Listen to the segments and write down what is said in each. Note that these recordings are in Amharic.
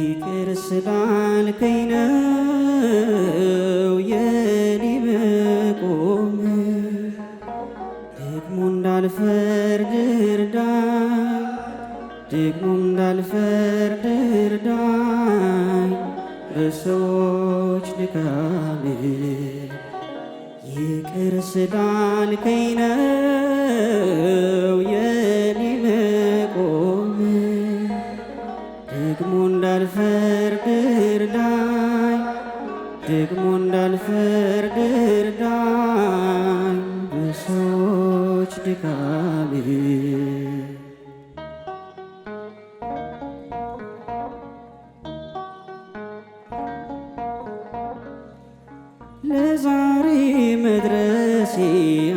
ይቅር ስላልከኝ ነው የኔ መቆም ደግሞ እንዳልፈርድ እርዳኝ ደግሞ እንዳልፈርድ እርዳኝ በሰዎች ድካም ይቅር ስላልከኝ ነው እንዳልፈርድ እርዳኝ በሰዎች ድካሜ ለዛሬ መድረሴ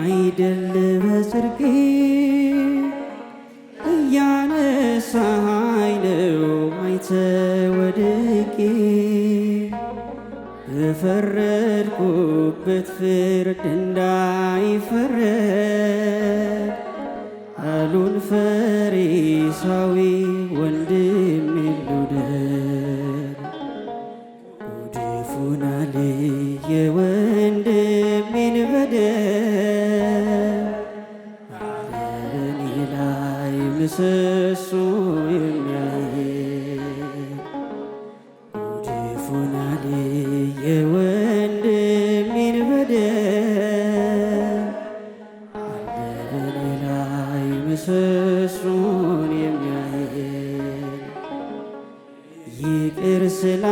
አይደል በጽድቄ እያነሳኸኝ ነው አይተ ወድቄ የፈረድኩበት ፍርድ እንዳይፈረድ አሉን ፈሪሳዊ ወንድሜ ልውደድ። ጉድፉን አልየ ወንድሜን በደል ላይ ምሰሶ የሚያ ስስሩን የሚያይ ይቅር ስላ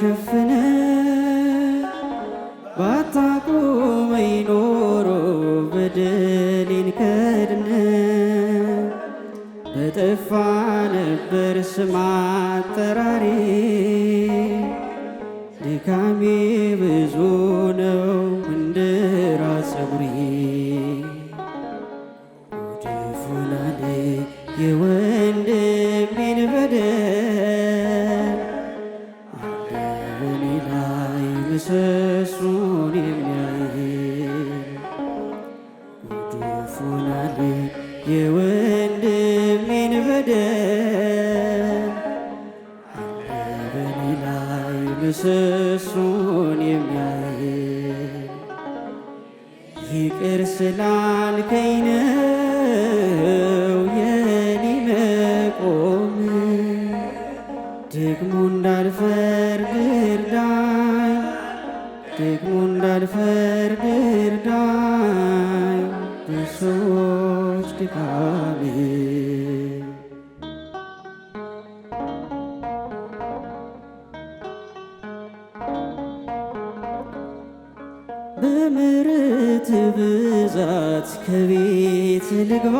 ሸፍነ ባታቆመኝ ኖሮ በደሌን ከድነ በጠፋ ነበር ስማ አጠራሬ ያስገደን በኔ ላይ ምሰሶን የሚያይ ይቅር ስላልከኝ ነው የኔ መቆም ደግሞ እንዳልፈርድ እርዳኝ ደግሞ እንዳልፈርድ እርዳኝ በምሕረት ብዛት ከቤት ልግባ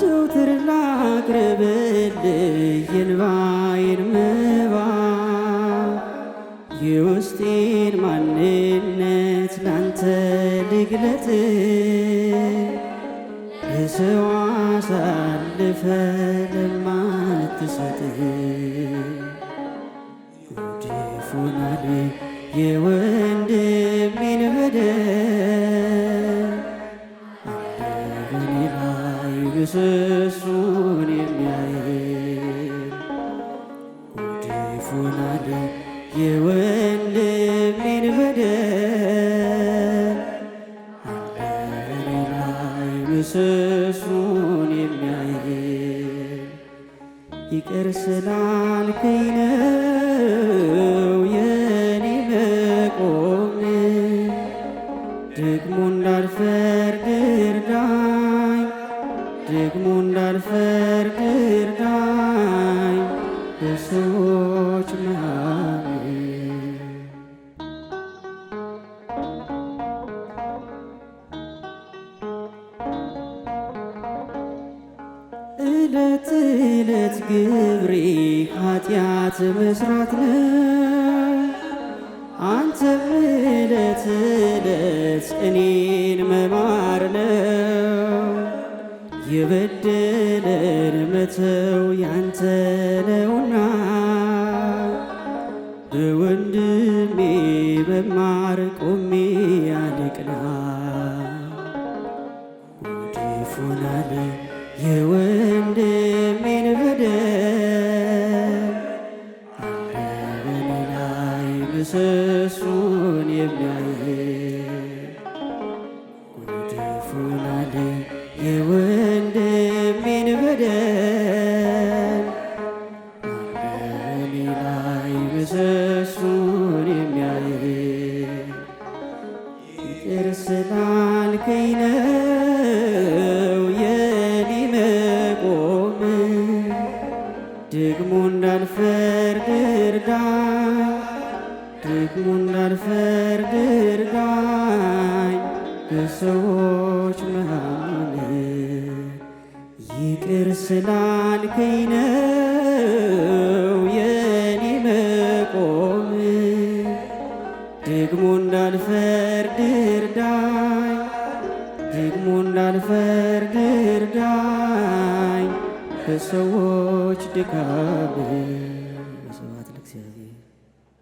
ዘውትር ላቅርብልህ የእንባዬን መባ የውስጤን ማንነት ላንተ ልግለጥ ለሰው አሳልፈ ለማትሰጥ ጉድፍ ሆናለሁ የወንድሜን በደል በእኔ ላይ ብስሱን የሚያይ ጉድፉን አለ የወንድሜን በደል በእኔ ላይ ብስሱን የሚያይ ይቅር ስላልከኝ ነው እንዳልፈርድ እርዳኝ፣ ደግሞ እንዳልፈርድ እርዳኝ በሰዎች መሃል እለት ዕለት ግብሬ ኃጢአት መስራት ነው አንተ ዕለት መቅረጽ እኔን መማር ነው። የበደለን መተው ያንተ ነውና በወንድሜ መማር ቆሜ ያለቅና ወዲፉናለ የወንድሜን በደል በኔ ላይ ምሰሶን የሚያየ በደል በእኔ ላይ መሰሱን የሚያይ ይቅር ስላልከኝ ነው የኔ መቆም ደግሞ እንዳልፈርድ እርዳኝ ደግሞ እንዳልፈርድ እርዳኝ በሰዎች መሃል ይቅር ስላልከኝ ነው የኔ መቆም፣ ደግሞ እንዳልፈርድ እርዳኝ፣ ደግሞ እንዳልፈርድ እርዳኝ ከሰዎች